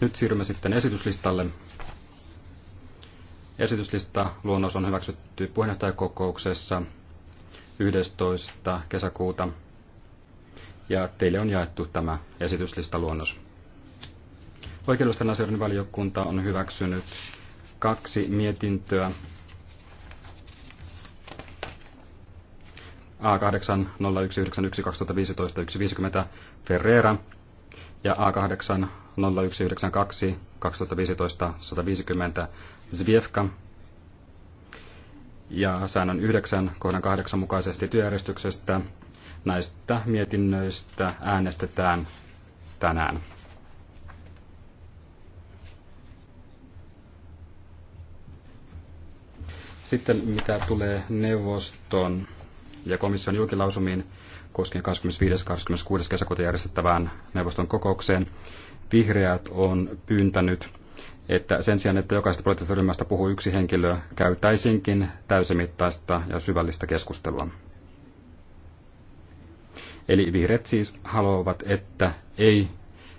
Nyt siirrymme sitten esityslistalle. Esityslista luonnos on hyväksytty puheenjohtajakokouksessa 11. kesäkuuta ja teille on jaettu tämä esityslistaluonnos. Oikeudellisten asioiden valiokunta on hyväksynyt kaksi mietintöä A8 150 Ferreira ja A8 0192 2015 150 Zviefka ja säännön 9 kohdan 8 mukaisesti työjärjestyksestä näistä mietinnöistä äänestetään tänään. Sitten mitä tulee neuvoston ja komission julkilausumiin koskien 25.–26. kesäkuuta järjestettävään neuvoston kokoukseen, vihreät on pyyntänyt, että sen sijaan, että jokaisesta poliittisesta ryhmästä puhuu yksi henkilö, käytäisinkin täysimittaista ja syvällistä keskustelua. Eli vihreät siis haluavat, että ei,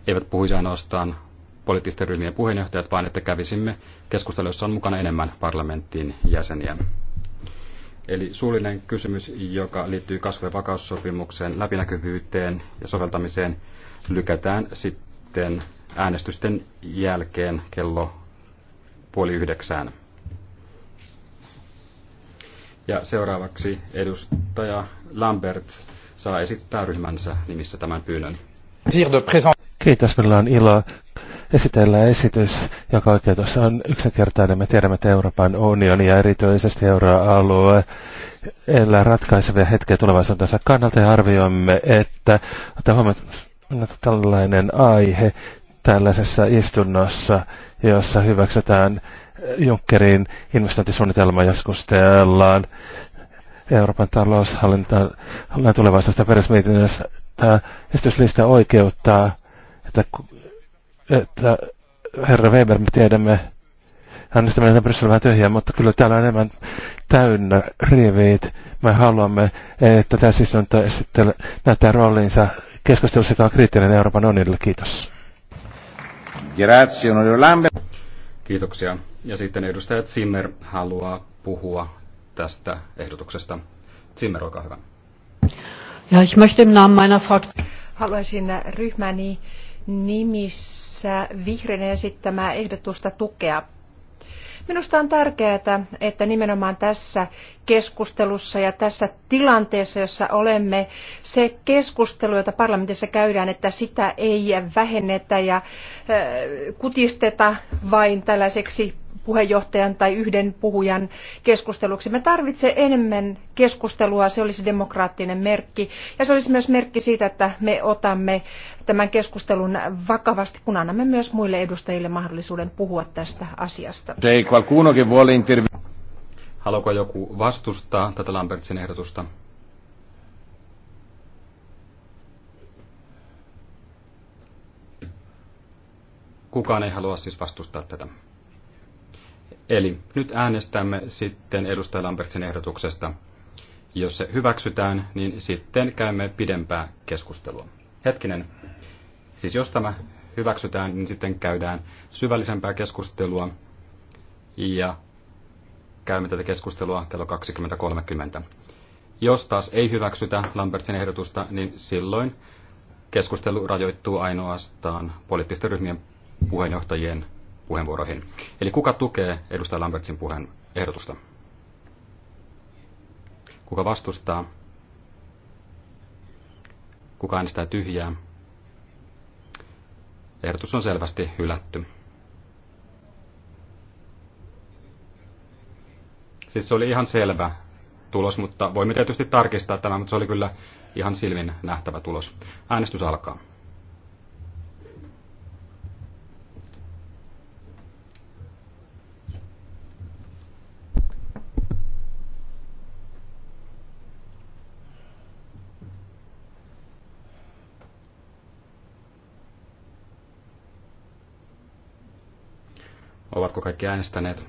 eivät puhuisi ainoastaan poliittisten ryhmien puheenjohtajat, vaan että kävisimme keskustelussa on mukana enemmän parlamenttiin jäseniä. Eli suullinen kysymys, joka liittyy kasvu- ja vakaussopimuksen läpinäkyvyyteen ja soveltamiseen, lykätään sitten sitten äänestysten jälkeen kello puoli yhdeksään. Ja seuraavaksi edustaja Lambert saa esittää ryhmänsä nimissä tämän pyynnön. Kiitos, meillä on ilo esitellä esitys, joka oikeutus on yksinkertainen. Me tiedämme, että Euroopan unioni ja erityisesti euroalue elää ratkaisevia hetkiä tulevaisuutensa kannalta ja arvioimme, että ottaa huomioon tällainen aihe tällaisessa istunnossa, jossa hyväksytään Junckerin investointisuunnitelma keskustellaan Euroopan taloushallintaan tulevaisuudesta perusmietinnössä. Tämä esityslista oikeuttaa, että, että herra Weber, me tiedämme, hän on sitä vähän tyhjää, mutta kyllä täällä on enemmän täynnä riviit. Me haluamme, että tässä istunto näyttää roolinsa keskustelussa, joka on kriittinen Euroopan unionille. Kiitos. Grazie, Kiitoksia. Ja sitten edustaja Zimmer haluaa puhua tästä ehdotuksesta. Zimmer, olkaa hyvä. Ja, ich möchte im Namen meiner Fraktion. Haluaisin ryhmäni nimissä vihreinen esittämää ehdotusta tukea. Minusta on tärkeää, että nimenomaan tässä keskustelussa ja tässä tilanteessa, jossa olemme, se keskustelu, jota parlamentissa käydään, että sitä ei vähennetä ja kutisteta vain tällaiseksi puheenjohtajan tai yhden puhujan keskusteluksi. Me tarvitsemme enemmän keskustelua, se olisi demokraattinen merkki ja se olisi myös merkki siitä, että me otamme tämän keskustelun vakavasti, kun annamme myös muille edustajille mahdollisuuden puhua tästä asiasta. Haluaako joku vastustaa tätä Lambertsin ehdotusta? Kukaan ei halua siis vastustaa tätä. Eli nyt äänestämme sitten edustaja Lambertsin ehdotuksesta. Jos se hyväksytään, niin sitten käymme pidempää keskustelua. Hetkinen. Siis jos tämä hyväksytään, niin sitten käydään syvällisempää keskustelua ja käymme tätä keskustelua kello 20.30. Jos taas ei hyväksytä Lambertsin ehdotusta, niin silloin keskustelu rajoittuu ainoastaan poliittisten ryhmien puheenjohtajien puheenvuoroihin. Eli kuka tukee edustaja Lambertsin puheen ehdotusta? Kuka vastustaa? Kuka äänestää tyhjää? Ehdotus on selvästi hylätty. Siis se oli ihan selvä tulos, mutta voimme tietysti tarkistaa tämä, mutta se oli kyllä ihan silmin nähtävä tulos. Äänestys alkaa. Ovatko kaikki äänestäneet?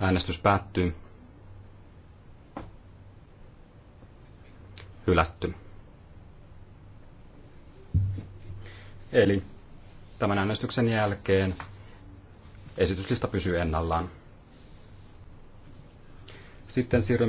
Äänestys päättyy. Hylätty. Eli tämän äänestyksen jälkeen esityslista pysyy ennallaan. Sitten siirrymme